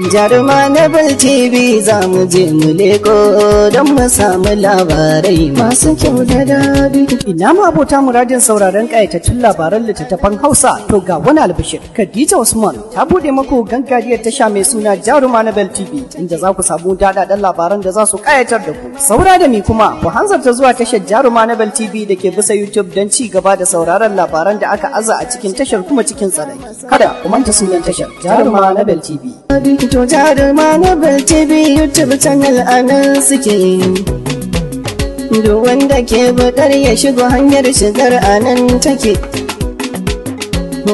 Jaruma na TV za mu je mu leko don mu samu labarai masu kyau da dadi. Ina ma abota muradin sauraron ƙayatattun labaran littattafan Hausa to ga wani albishir. Khadija Usman ta buɗe maku gangariyar tasha mai suna Jaruma na TV inda za ku samu daɗaɗɗen labaran da za su ƙayatar da ku. Saura da ni kuma ku hanzarta zuwa tashar Jaruma na TV da ke bisa YouTube don ci gaba da sauraron labaran da aka aza a cikin tashar kuma cikin tsaron. Kada ku manta sunan tashar Jaruma na TV. to jaruma na barci biyu tv channel a suke duk wanda ke bukar ya shigo hanyar shigar a nan take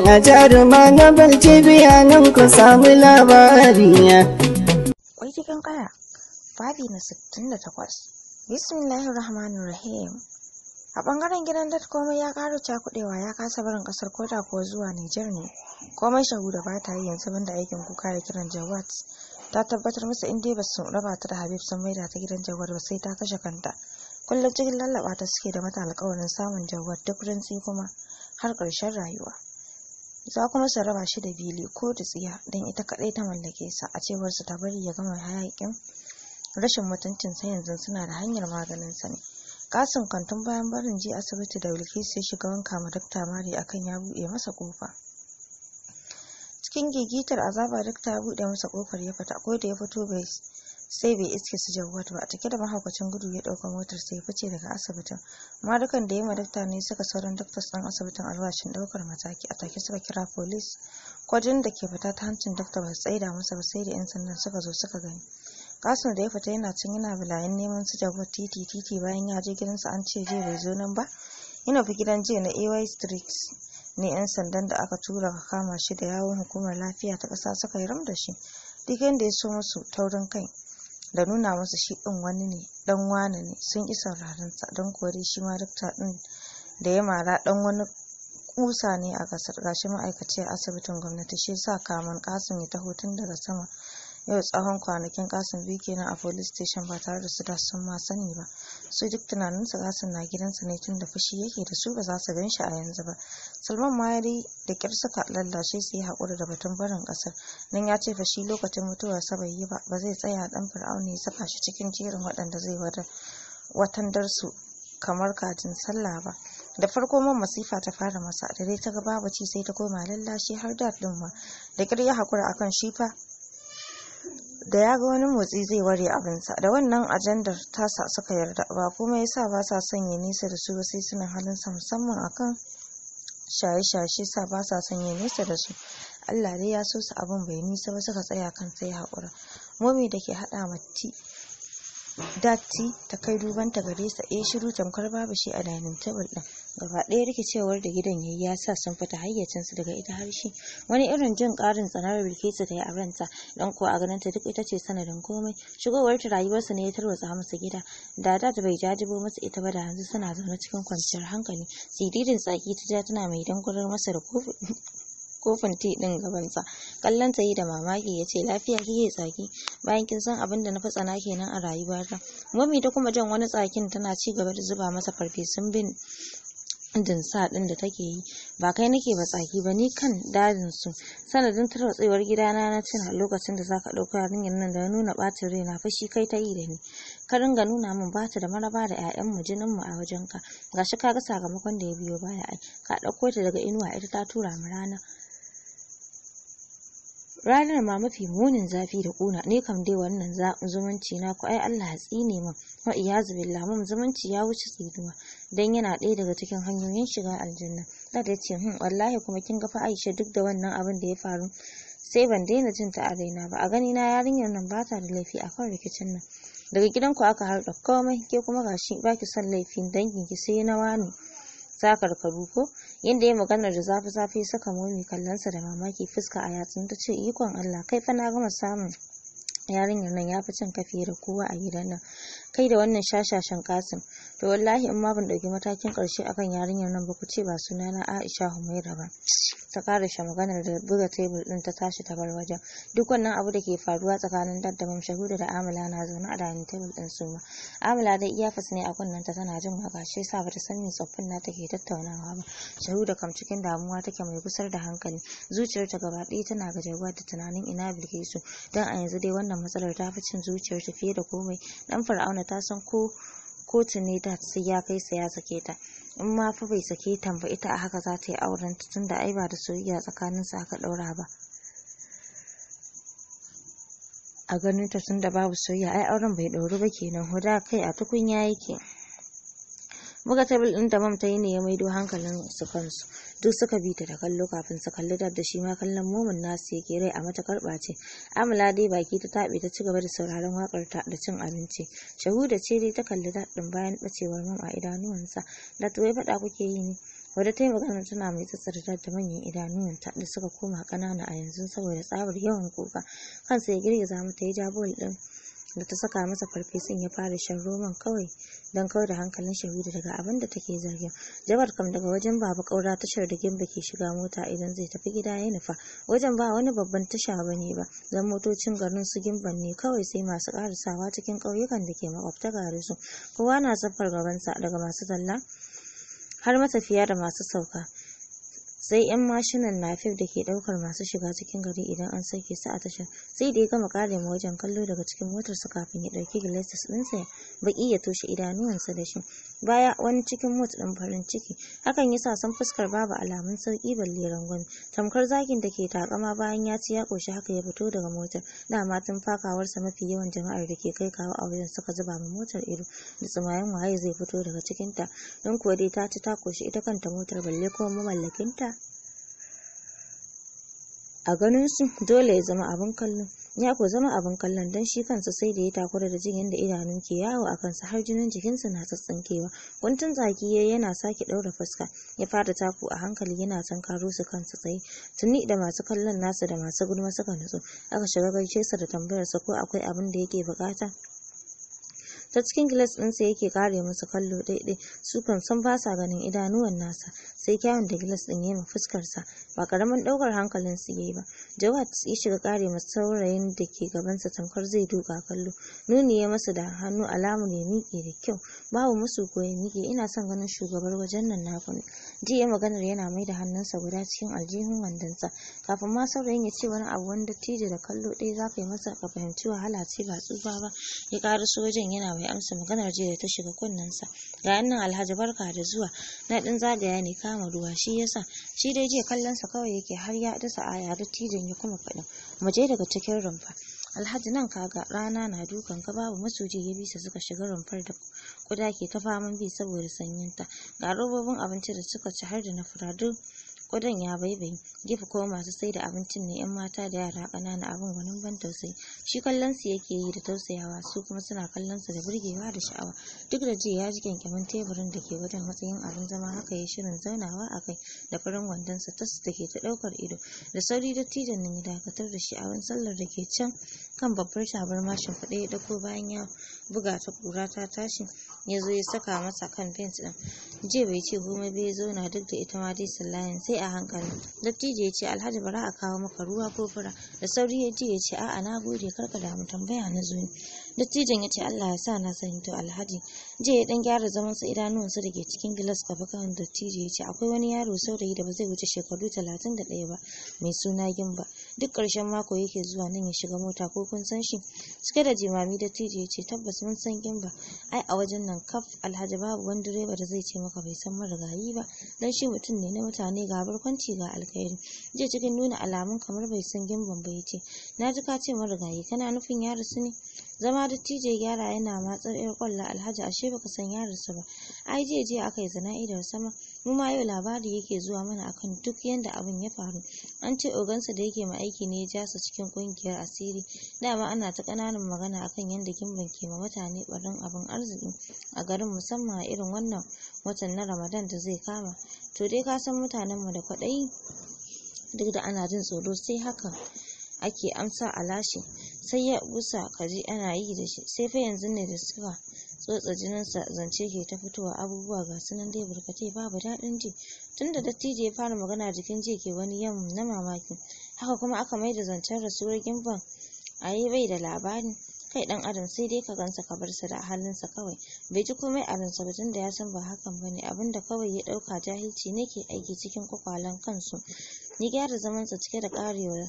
a jaruma na barci biya nan ku samu labariya kwai cikin kaya fadi na 68 bismillahir rahmanir a bangaren gidan dat komai ya ƙara cakudewa ya kasa barin kasar kota ko zuwa niger ne komai shahuda ba ta yi yanzu banda aikin kuka da kiran jawat ta tabbatar masa in dai ba su raba ta da habib sun maida ta gidan jawar ba sai ta kashe kanta kullum cikin lallaba ta suke da mata alkawarin samun jawar duk rinsi kuma har karshen rayuwa za kuma su raba shi da bili ko da tsiya don ita kadai ta mallake sa a cewar su ta bari ya gama hayakin rashin mutuncin sa yanzu suna da hanyar maganin sa ne kasin kantin bayan barin ji asibiti da bilkisu ya shiga wanka ma dakta mari akan ya buɗe masa kofa cikin gigitar azaba dakta ya buɗe masa kofar ya fita ko da ya fito bai sai bai iske su jawad ba take da mahaukacin gudu ya ɗauka motar sai ya fice daga asibitin amma dukan da ya ma dakta ne suka sauran dakta ɗan asibitin alwashin ɗaukar mataki a take suka kira polis kwajin da ke fita ta hancin dakta ba su tsaida masa ba sai da 'yan sandan suka zo suka gani kasin da ya fita yana cin yana bilayen neman su jago titi titi bayan ya je gidansa an ce jiya bai zo nan ba. yana fi gidan jiya na AY Street ne 'yan sandan da aka tura ka kama shi da yawon hukumar lafiya ta kasa suka yi ram da shi. Duk yadda ya so musu taurin kai da nuna musu shi ɗin wani ne ɗan wani ne sun ƙi saurarensa don kore shi ma rikta ɗin da ya mara ɗan wani kusa ne a kasar gashi ma'aikaci a asibitin gwamnati shi sa kamun kasim ya taho tun daga sama Yau tsawon kwanakin kasan biyu kenan a police station ba tare da su da sun ma sani ba. Su duk tunaninsa Kasim na gidansa ne tun da fushi yake da su ba za su gan shi a yanzu ba. Salman ma ya da kyar suka lallashe su yi haƙura da batun barin ƙasar. Nan ya ce fashi lokacin sa bai yi ba ba zai tsaya dan fir'auna ya saka shi cikin jerin waɗanda zai watandar su kamar kajin sallah ba. da farko man masifa ta fara masa da dai ta ga babu ci sai ta koma lallashi har da din ma da ƙirya hakura akan shi fa da ya ga wani motsi zai ware abinsa da wannan ajandar tasa suka yarda ba kuma sa ba sa son nesa da su sai suna halinsa musamman akan shaye-shaye sa ba sa son nesa da su Allah dai ya so su abin bai nisa ba suka tsaya kan sai haƙura momi da ke haɗa mati. datti ta kai ta gare sa eh shiru tamkar babu shi a dining table din gaba ɗaya rikicewar da gidan yayi ya sa sun fita hayyacin su daga ita har shi wani irin jin ƙarin tsanar Bilkisu ta yi a ranta dan ko a ganin ta duk ita ce sanadin komai shigowar ta rayuwar su ne ya tarwatsa musu gida da da bai jajibo musu ita ba da yanzu suna zaune cikin kwanciyar hankali sididin tsaki ta ja tana mai dangurar masa da kofin ti din gabansa kallon tayi da mamaki ya ce lafiya kike tsaki bayan kin san abin da na fi tsana kenan a rayuwata mami ta kuma jan wani tsakin tana ci gaba da zuba masa farfesun bin din sa din da take yi ba kai nake ba tsaki ba ni kan dadin su sanadin tarwatsewar gidana na tuna lokacin da zaka dauka yarinyar nan da nuna bacin rai na fashi kai ta yi da ni ka ringa nuna min bata da maraba da ƴaƴan mu jinin mu a wajenka gashi ka ga sakamakon da ya biyo baya ai ka dauko ta daga inuwa ita ta tura mu rana ranar ma mafi munin zafi da kuna ne kam dai wannan zumunci na ku ai Allah tsine min wa iyazu billah mun zumunci ya wuce tsiduwa dan yana ɗaya daga cikin hanyoyin shiga aljanna da da ce hun hmm, wallahi kuma kin ga fa Aisha duk da wannan abin da ya faru sai ban daina jin ta a raina ba a gani na yarinyar nan ba ta da laifi a kan rikicin nan daga gidan ku aka harɗa komai ke kuma gashi baki son laifin dangin ki sai na wani sa karkaru ko yadda ya maganar da zafi zafi saka momi kallonsa da mamaki fuska a yatsun ta ce ikon Allah kai fa na gama samun yarinyar nan ya fi cin ka da kowa a gidan nan kai da wannan shashashan kasim to wallahi in ma ban dauki matakin ƙarshe akan yarinyar nan ba ku ce ba suna na aisha humaira ba ta shi maganar da buga tebur ɗin ta tashi ta bar wajen duk wannan abu da ke faruwa tsakanin dadda shahuda da amila na zaune a dining tebur ɗin su ma amila dai iya fasa ne a kunnen ta tana jin waka shi yasa ta san me tsoffin na take tattaunawa ba shahuda kam cikin damuwa take mai gusar da hankali zuciyarta gaba ɗaya tana gajewa da tunanin ina bilkisu dan a yanzu dai wannan wannan matsalar ta fi cin zuciyar ta fiye da komai dan fir'auna ta san ko kotu ne da sai ya kai sa ya sake ta in ma fa bai sake ta ba ita a haka za ta yi auren ta tunda ai ba da soyayya tsakanin su aka daura ba a ganin ta tunda babu soyayya ai auren bai dauri ba kenan huda kai a tukunya yake buga tebul ɗin da mam ta yi ne ya maido hankalin su kansu duk suka bi ta da kallo kafin su kalli dab da shi ma kallon momin nasu yake rai a matakar ɓace amala dai baki ta taɓe ta ci gaba da sauraron wakar ta da cin abinci shahuda ce dai ta kalli dab ɗin bayan ɓacewar mam a idanuwansa da tuwai faɗa kuke yi ne wadda ta yi magana tana mai tsatsarta da manyan idanuwanta da suka koma ƙanana a yanzu saboda tsabar yawan kuka kansa ya girgiza mata ya ja bol ɗin da ta saka masa farfesun ya fara shan roman kawai don kawar da hankalin shahuda daga abin da take zargin jabar kam daga wajen baba kaura tashar da gimba ke shiga mota idan zai tafi gida ya nufa wajen ba wani babban tasha ba ne ba don motocin garin su gimban ne kawai sai masu karasawa cikin ƙauyukan da ke makwabta gare su kowa na safar gabansa daga masu talla har matafiya da masu sauka sai yan mashinan nafif da ke daukar masu shiga cikin gari idan an sake su a tashar sai da ya gama kare ma wajen kallo daga cikin motarsa kafin ya dauki gilasis ɗinsa baƙi ya toshe idanuwansa da shi baya wani cikin mut ɗin farin ciki hakan yasa san fuskar babu alamun sauki balle rangwame tamkar zakin da ke takama bayan ya ci ya koshi haka ya fito daga motar dama tun fakawarsa mafi yawan jama'ar da ke kai kawo a wajen suka zuba ma motar ido da tsumayen waye zai fito daga cikinta don kuwa dai ta ci ta koshi ita kanta motar balle kuma mamallakinta a ganin su dole ya zama abin kallon. ya ko zama abin kallon dan shi kansa sai da ya takura da jin yadda idanun ke yawo a kansa har jinin jikinsa na tsatsinkewa guntun zaki ya yana sake ɗaura fuska ya fara taku a hankali yana karo su kansa tsaye tuni da masu kallon nasa da masu gulma suka nutsu aka shiga gaishe sa da tambayarsa ko akwai abin da yake bukata ta cikin gilas ɗinsa yake kare masa kallo ɗaiɗai su kan san ba sa ganin idanuwan nasa sai kyawun da gilas ɗin ya ma fuskarsa ba karamin ɗaukar hankalin su yayi ba jawad ya shiga kare masa saurayin da ke gabansa tamkar zai duka kallo nuni ya masa da hannu alamar ya miƙe da kyau babu musu ko ya miƙe ina son ganin shugabar wajen nan na ne jiya ya maganar yana mai da hannunsa guda cikin aljihun wandonsa kafin ma saurayin ya ce wani abu wanda tije da kallo ɗaya za ka yi masa ka fahimci wahala ce ba tsufa ba ya ƙara wajen yana mai amsa maganar jiya da ta shiga kunnensa ga nan alhaji barka da zuwa na ɗin zagaya ne kama ruwa shi yasa shi dai jiya kallonsa kawai yake har ya dasa aya da tijan ya kuma faɗin mu je daga cikin rumfa alhaji nan kaga rana na dukan ka babu masoji ya bisa suka shiga rumfar da kuda ke ta faman bi saboda sanyinta ga robobin abinci da suka ci har da na fura duk Kudan ya baibayi, gefe ko masu sai da abincin ne 'yan mata da yara ƙanana abin gwanin ban tausayi. Shi kallon su yake yi da tausayawa su kuma suna kallon sa da burgewa da sha'awa. Duk da jiya ya ji kyankyamin teburin da ke wajen matsayin abin zama haka ya shirin zaunawa a kai da farin wandonsa tas da ke ta ɗaukar ido. Da sauri dattijon nan ya dakatar da shi a sallar da ke can kan babbar shabar mashin shimfiɗe ya ɗauko bayan ya buga ta ƙura ta tashi ya zo ya saka masa kan fens ɗin jiya bai ce goma bai zauna duk da ita ma dai sallayin sai a hankali dattijo ya ce alhaji bara a kawo maka ruwa ko fura da sauri ya ji ya ce a'a na gode karka damu tambaya na zo ne dattijon ya ce allah ya sa na sani to alhaji jiya ya ɗan gyara zaman zamansa idanuwansa da ke cikin gilas gaba kan dattijo ya ce akwai wani yaro saurayi da ba zai wuce shekaru talatin da ɗaya ba mai suna gimba duk ƙarshen mako yake zuwa nan ya shiga mota ko kun san shi cike da jimami da tije ce tabbas mun san gimba ai a wajen nan kaf alhaji babu wani direba da zai ce maka bai san marigayi ba dan shi mutum ne na mutane ga barkwanci ga alkhairi je cikin nuna alamun kamar bai san gimban ba yace na ji ka ce marigayi kana nufin ya rasu ne zama dattijo gyara yana matsar yar kwallo alhaji ashe baka san ya rasu ba ai jiya jiya aka yi zana'i da sama mu ma yau labari yake zuwa mana akan duk yanda abin ya faru an ce ogansa da yake ma aiki ne ya ja su cikin kungiyar asiri dama ana ta kananan magana akan yanda gimban ke ma mutane barin abin arziki a garin musamman a irin wannan watan na ramadan da zai kama to dai ka san mutanen mu da kwaɗayi duk da ana jin tsoro sai hakan ake amsa a lashe sai ya busa kaji ana yi da shi sai fa yanzu ne da suka tsotsa jininsa zance ke ta fitowa abubuwa ga sunan dai barkatai babu daɗin ji Tunda da dattijo ya fara magana jikin ji ke wani yam na mamaki haka kuma aka mai da zancen rasuwar gimban a yi bai da labari kai dan adam sai dai ka gansa ka bar sa da halinsa kawai bai ji komai a ransa ba tunda ya san ba hakan ba bane abinda kawai ya dauka jahilci ne ke aiki cikin kwakwalen kansu Ni gyara zamansa cike da karewa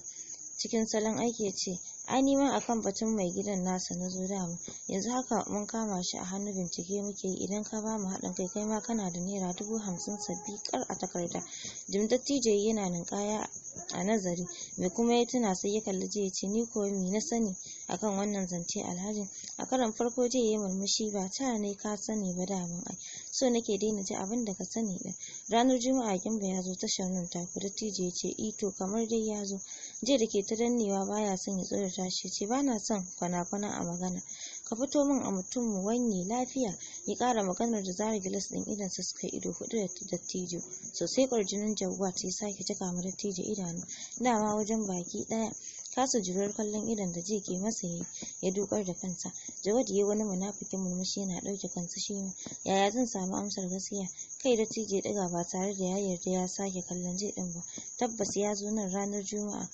cikin salon aiki ya ce ai ni ma akan batun mai gidan nasa na zo dama yanzu haka mun kama shi a hannu bincike muke yi idan ka bamu haɗin kai kai ma kana da naira dubu hamsin sabbi kar a takarda jim dattijo yana ninkaya a nazari me kuma ya tuna sai ya kalli jiya ce ni ko me na sani akan wannan zance alhaji a karan farko je ya murmushi ba ta ne ka sani ba da ai so nake daina ji abin da ka sani din ranar juma'a kin ya zo tashar nan ta kudu tije ya ce ito e kamar dai ya zo je da ke ta dannewa baya son ya tsorata shi ce ba na son kwana-kwana a magana ka fito min a mutum mu wanye lafiya ya kara maganar da zara gilas din idan su suka ido hudu da dattijo sosai kwarjinin jawwat ya sake cika ma dattijo idanu dama wajen baki daya kasa jurar kallon idon da zai ke masa yi ya dukar da kansa jawad yayi wani munafikin murmushi yana ɗauke kansa shi ne. yaya zan samu amsar gaskiya kai da tije diga ba tare da ya yarda ya sake kallon ji din ba tabbas ya zo nan ranar juma'a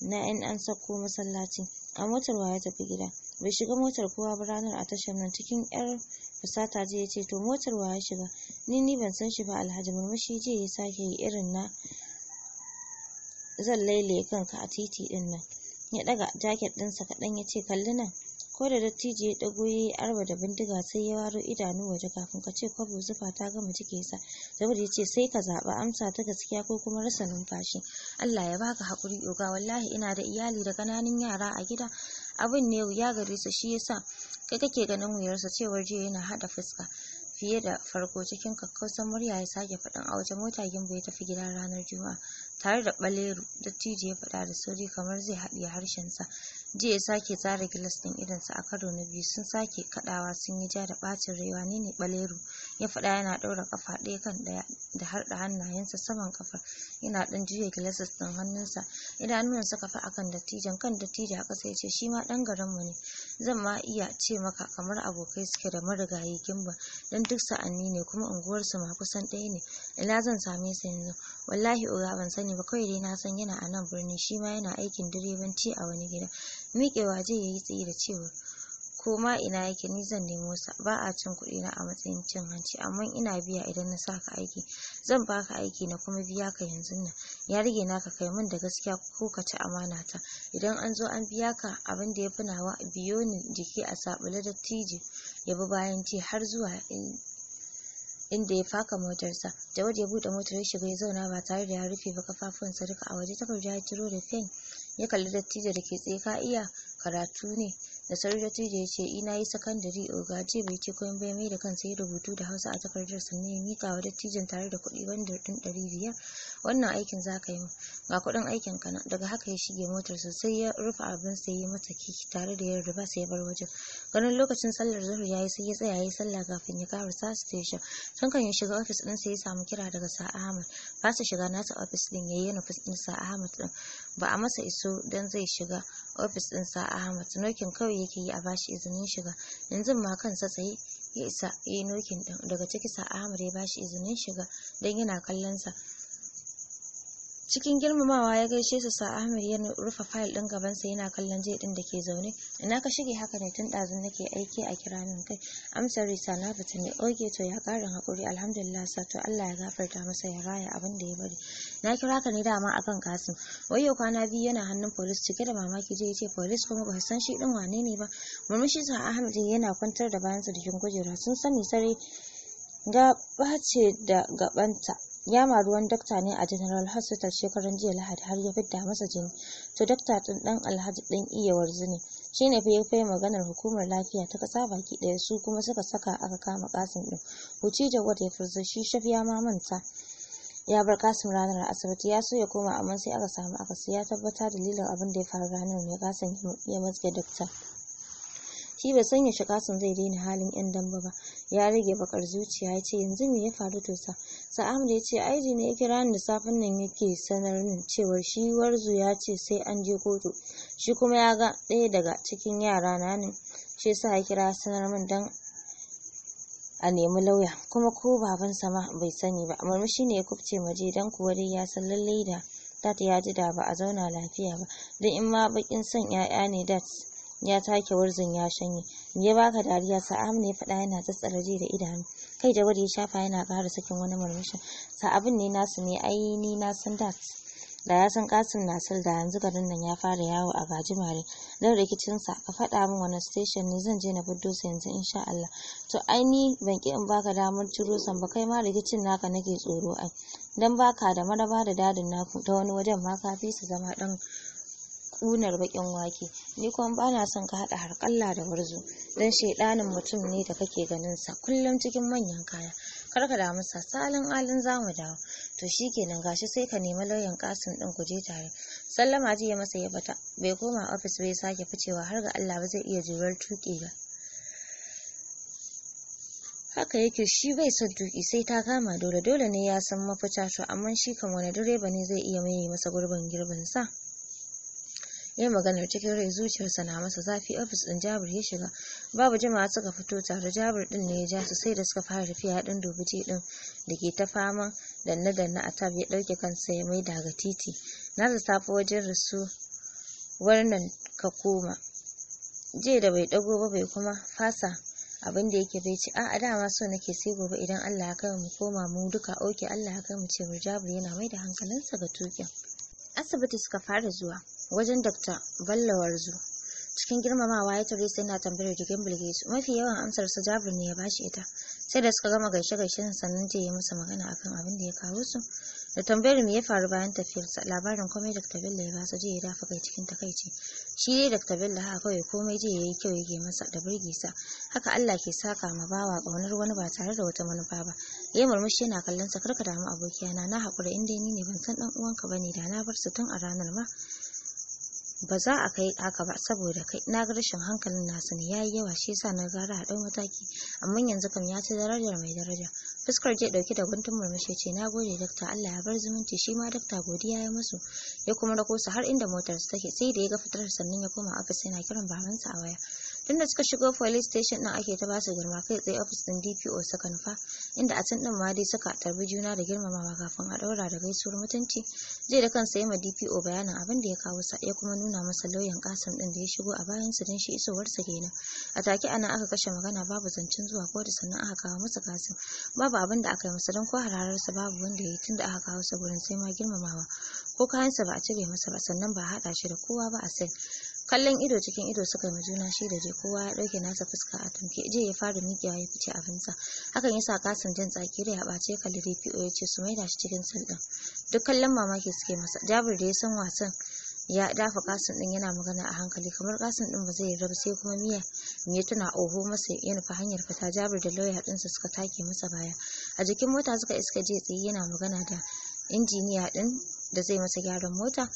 na yan an sako masallaci a motar wa ya tafi gida bai shiga motar kowa ba ranar a tashar nan cikin yar fusata je ya ce to motar wa ya shiga ni ni ban san shi ba alhaji murmushi je ya sake yi irin na zan laile kanka a titi din nan ya daga jaket ɗinsa kaɗan ya ce kalli nan ko da dattijo ya dago ya yi arba da bindiga sai ya waro idanu waje kafin ka ce kwabo zufa ta gama cike sa Dawud ya ce sai ka zaɓa amsa ta gaskiya ko kuma rasa numfashi Allah ya baka hakuri oga wallahi ina da iyali da kananan yara a gida abin ne ya gare su shi yasa kai kake ganin wuyarsa cewar jiya yana haɗa fuska fiye da farko cikin kakkausan murya ya sake faɗin a waje mota gimbo ya tafi gida ranar juma'a tare da ɓaleru dattijo ya faɗa da sauri kamar zai haɗiye harshensa jiya ya sake tsara gilas ɗin sa a karo na biyu sun sake kaɗawa sun yi ja da ɓacin rai wane ne ɓaleru ya faɗa yana ɗaura ƙafa ɗaya kan ɗaya da harda hannayensa saman ƙafar yana ɗan juya gilasis ɗin hannunsa idanuwan suka fi akan dattijan kan dattijan a ƙasa ya ce shi ma ɗan garinmu ne zan ma iya ce maka kamar abokai suke da marigayi gimba don duk sa'anni ne kuma unguwarsu ma kusan ɗaya ne ina zan same su yanzu wallahi uga ban sani ba kawai dai na san yana a nan birni shi ma yana aikin direbanci a wani gida miƙewa zai yi tsaye da cewa koma ina yake ni zan nemo sa ba a cin kuɗi na a matsayin cin hanci amma ina biya idan na saka aiki zan baka aiki na kuma biya ka yanzun nan ya rage naka kai min da gaskiya ko ka ci amana ta idan an zo an biya ka abin da ya fi nawa biyo ni jiki a sabule da ya bi bayan ci har zuwa inda ya faka motarsa Jawad ya buɗe motar ya shiga ya zauna ba tare da ya rufe ba kafafunsa duka a waje takarda ya ciro da fen ya kalli dattijo da ke tsaye ka iya karatu ne da sauri dattijo ya ce ina yi sakandare oga ce bai ce komai bai mai da kansa ya rubutu da hausa a takardar sannan ya mika wa dattijan tare da kuɗi wanda ɗin ɗari biyar wannan aikin za ka yi ma. ga kuɗin aikin ka nan daga haka ya shige motar sosai ya rufe abin sai ya masa kiki tare da yarda ba sai ya bar wajen ganin lokacin sallar zuhur ya yi sai ya tsaya ya yi sallah kafin ya karasa station tun kan ya shiga ofis ɗin ya samu kira daga Sa'a Ahmad fasa shiga nasa ofis ɗin ya yi nufis ɗin Sa'a Ahmad ɗin ba a masa iso don zai shiga ofis din sa Ahmad nokin kawai yake yi a bashi izinin shiga yanzu ma kansa tsaye ya isa yi nokin daga ciki sa Ahmad ya bashi izinin shiga don yana kallon sa cikin girmamawa ya gaishe su sa ahmed ya rufe fayil din gabansa yana kallon je din da ke zaune ina ka shige haka ne tun dazun nake aiki a kiranin kai amsar risa na fita ne oge to ya karin hakuri alhamdulillah sa to allah ya gafarta masa ya raya abin da ya bari na kira ka ne dama akan kasim wayo kwana biyu yana hannun polis cike da mamaki je ya ce polis kuma ba san shi din wane ne ba murmushi sa ahmed yana kwantar da bayansa jikin gujera sun sani sare ga bace da gabanta ya ruwan wani dakta ne a general hospital shekaran jiya lahadi har ya fidda masa jini to dakta ɗin ɗan alhaji ɗin iyawar zini shi ne fa fai maganar hukumar lafiya ta kasa baki ɗaya su kuma suka saka aka kama kasim ɗin huci wata ya furza shi shaf ya ma manta ya bar kasim ranar asibiti ya so ya koma amma sai aka samu akasi ya tabbata dalilin abin da ya faru ranar ne kasim ya matske dakta shi bai san shiga kasim zai daina halin yan damba ba ya rage bakar zuciya ya ce yanzu me ya faru to sa sa'am da ya ce aiji ne ya kira ni da safin nan yake sanar min cewa shi warzu ya ce sai an je kotu shi kuma ya ga ɗaya daga cikin yara na ne shi yasa ya kira sanar min dan a nemi lauya kuma ko baban sama bai sani ba murmushi ne ya kubce maje dan kuwa dai ya san lallai da dat ya ji da ba a zauna lafiya ba don in ma bakin son 'ya'ya ne dat ya take wurzin ya shanye me ya baka dariya sa? amne ya faɗa yana tsatsara ji da idanu kai jawari ya shafa yana ƙara sakin wani sa abin ne nasu ne ai ni na san dat da ya san kasim nasir da yanzu garin nan ya fara yawo a gajimare don sa ka faɗa min wani station ne zan je na buddo sa yanzu insha Allah to ai ni ban ki in baka damar turo san ba kai ma rikicin naka nake tsoro ai dan baka da maraba da dadin naku ta wani wajen ma ka fi su zama dan ƙunar baƙin wake ni kuma ba na son ka haɗa harƙalla da warzo don shaiɗanin mutum ne da kake ganin sa kullum cikin manyan kaya kar ka damu sa salin alin za mu dawo to shi kenan gashi sai ka nemi lauyan kasin ɗin ku je tare sallama ji ya masa ya bata bai koma ofis bai sake ficewa har ga Allah ba zai iya jurar tuƙi ba haka yake shi bai son tuki sai ta kama dole dole ne ya san mafita to amma shi kan wani direba ne zai iya mai masa gurbin girbin sa ya maganar cikin rai zuciyarsa na masa zafi ofis din jabir ya shiga babu jama'a suka fito tare jabir din ne ya ja su sai da suka fara tafiya dan dubuje din da ke ta faman danna-danna a tab ya dauke kansa ya mai ga titi na lissafa wajen rasu wannan ka koma je da bai dago ba bai kuma fasa abin da yake bai ci a a dama so nake sai gobe idan Allah ya kai mu koma mu duka oke Allah ya kai mu ce Jabir yana mai da hankalinsa ga tukin asibiti suka fara zuwa wajen Dr. Bello Warzu. Cikin girmamawa ya tare sai na tambayar jikin bilgis Mafi yawan amsar su Jabir ne ya bashi ita. Sai da suka gama gaishe-gaishen sannan ta yi masa magana akan abin da ya kawo su. da tambayar me ya faru bayan tafiyarsa labarin komai dr bello ya basu jiya ya dafa kai cikin takaici shi dai dr bello haka kawai komai jiya ya yi kyau yake masa da burgisa haka allah ke saka ma bawa kaunar wani ba tare da wata manufa ba ya murmushi yana kallon sa karka damu abokiyana na na haƙura inda ni ne ban san dan uwanka ba ne da na bar su tun a ranar ma ba za a kai haka ba saboda kai na ga rashin hankalin nasu ne yayi yawa shi yasa na gara a dau mataki amma yanzu kam ya ci darajar mai daraja fuskar je ɗauki da guntun murmushi ce na gode dakta Allah ya bar zumunci shi ma dakta godiya ya musu ya kuma rako su har inda motar take sai da ya ga fitar sannan ya koma ofis yana kiran babansa a waya tunda suka shigo police station din ake ta basu girma kai tsaye office din DPO suka nufa inda a can din ma dai suka tarbi juna da girmamawa kafin a daura da gaisuwar mutunci zai da kansa yi ma DPO bayanin abin da ya kawo sa ya kuma nuna masa lauyan Kasim din da ya shigo a bayan su don shi isowar sa kenan a take ana aka kashe magana babu zancen zuwa ko da sannan aka kawo masa Kasim babu abin da aka yi masa dan ko hararar sa babu wanda yayi tunda aka kawo sa gurin sai ma girmamawa ko kayan sa ba a cire masa ba sannan ba a hada shi da kowa ba a sai kallon ido cikin ido suka yi juna shi da je kowa ya ɗauke nasa fuska a tunke je ya fara miƙewa ya fice abinsa hakan yasa kasan jan tsaki da ya ɓace kalli fi ya ce su maida shi cikin sul ɗin duk kallon mamaki suke masa jabir da ya san wasan ya dafa kasan ɗin yana magana a hankali kamar kasan ɗin ba zai yarda ba sai kuma miya me tana oho masa ya nufa hanyar fita jabir da lauya ɗinsa suka take masa baya a jikin mota suka iska je tsaye yana magana da injiniya ɗin da zai masa gyaran mota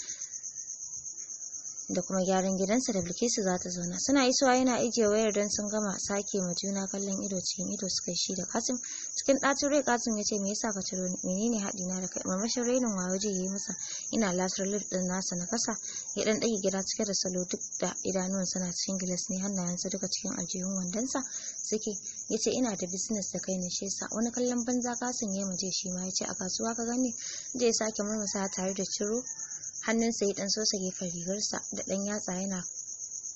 da kuma gyaran gidansa da bilkisu za ta zauna suna isowa yana ajiye wayar don sun gama sake ma juna kallon ido cikin ido suka shi da kasim cikin ɗacin rai kasim ya ce me yasa ka ciro ni menene haɗi na da kai mamashin rainin waje ya yi masa ina lasar lip ɗin nasa na kasa ya ɗan ɗage gida cike da salo duk da idanuwan suna cikin gilas ne hannayensa duka cikin aljihun wandonsa suke ya ce ina da business da kai na shi wani kallon banza kasim ya maje shi ma ya ce a kasuwa ka gani zai sake murmusa tare da ciro hannunsa ya ɗan sosa gefen rigarsa da ɗan yatsa yana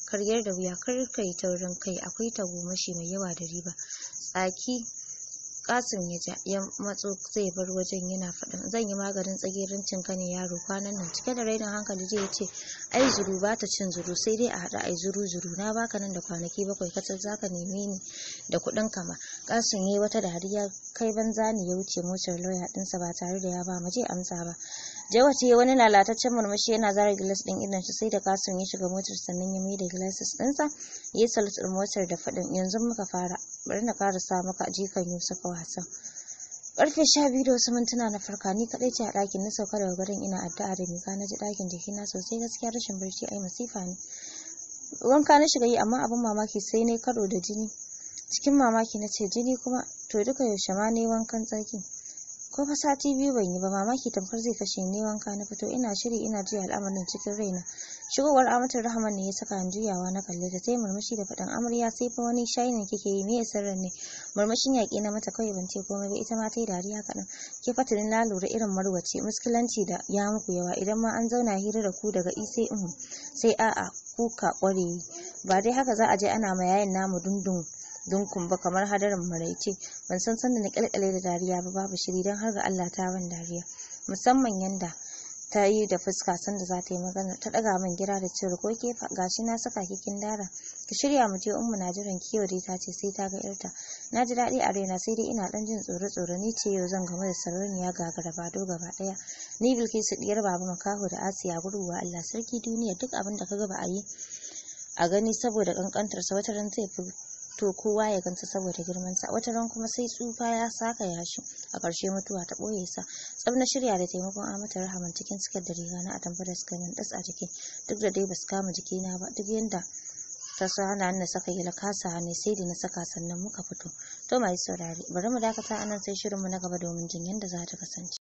karyar da wuya kar ka yi taurin kai akwai tagomashi mai yawa da riba tsaki kasim ya ja matso zai bar wajen yana faɗin zan yi maganin tsagerancin cinka ne yaro kwanan nan cike da rainin hankali zai ce ai zuru ba ta cin zuru sai dai a haɗa ai zuru zuru na baka nan da kwanaki bakwai kacal zaka neme ni da kuɗin kama kasim ya yi wata dariya kai banza ne ya wuce motar lauya ɗinsa ba tare da ya ba mu je amsa ba Jawa ce wani lalataccen murmushi yana zara gilas ɗin idan shi sai da kasim ya shiga motar sannan ya mai da gilasis yayi ya salutar motar da faɗin yanzu muka fara bari na karasa maka jikan Yusufa wasan karfe sha biyu da wasu mintuna na farka ni kadai ce a ɗakin na sauka daga garin ina addu'a da mika na ji ɗakin na sosai gaskiya rashin barci ai masifa ne wanka na shiga yi amma abin mamaki sai na karo da jini cikin mamaki na ce jini kuma to duka yaushe ma ne wankan tsarki ko fa sati biyu ban yi ba mamaki tamkar zai kashe ni wanka na fito ina shiri ina ji al'amarin cikin raina shigowar amatar rahman ne ya saka ni juyawa na kalle ta sai murmushi da faɗan amarya sai fa wani shayin kike yi me sirrin ne murmushin yaƙi na mata kawai ban ce komai ba ita ma ta yi dariya kaɗan ke ni na lura irin marwace muskilanci da ya muku yawa idan ma an zauna hira da ku daga isai sai a'a kuka ƙware ba dai haka za a je ana ma yayin namu dundun dunkun ba kamar hadarin maraice ban san sanda na kyalkyale da dariya ba babu shiri don har ga Allah ta ban dariya musamman yanda ta yi da fuska sanda za ta yi magana ta daga min gida da cewa ko ke gashi na saka kikin dara ki shirya mu je ummu na jiran kiyo dai ta ce sai ta ga yarta na ji daɗi a raina sai dai ina dan jin tsoro tsoro ni ce yau zan game da sarauniya gagara do gaba ɗaya ni bilkisu ɗiyar babu makaho da asiya gurguwa Allah sarki duniya duk abin da ka ga ba a yi a gani saboda kankantar sa wata ran zai fi to kowa ya gansa saboda girman sa wata ran kuma sai tsufa ya saka yashi. a ƙarshe mutuwa ta boye sa tsab na shirya da taimakon amata rahaman cikin sikar da riga na atamfa da suka min a jiki duk da dai ba su kama jiki na ba duk yanda ta sa hana na saka yi lakasa ne, sai da na saka sannan muka fito to mai saurari, bari mu dakata anan sai shirinmu na gaba domin jin yadda za ta kasance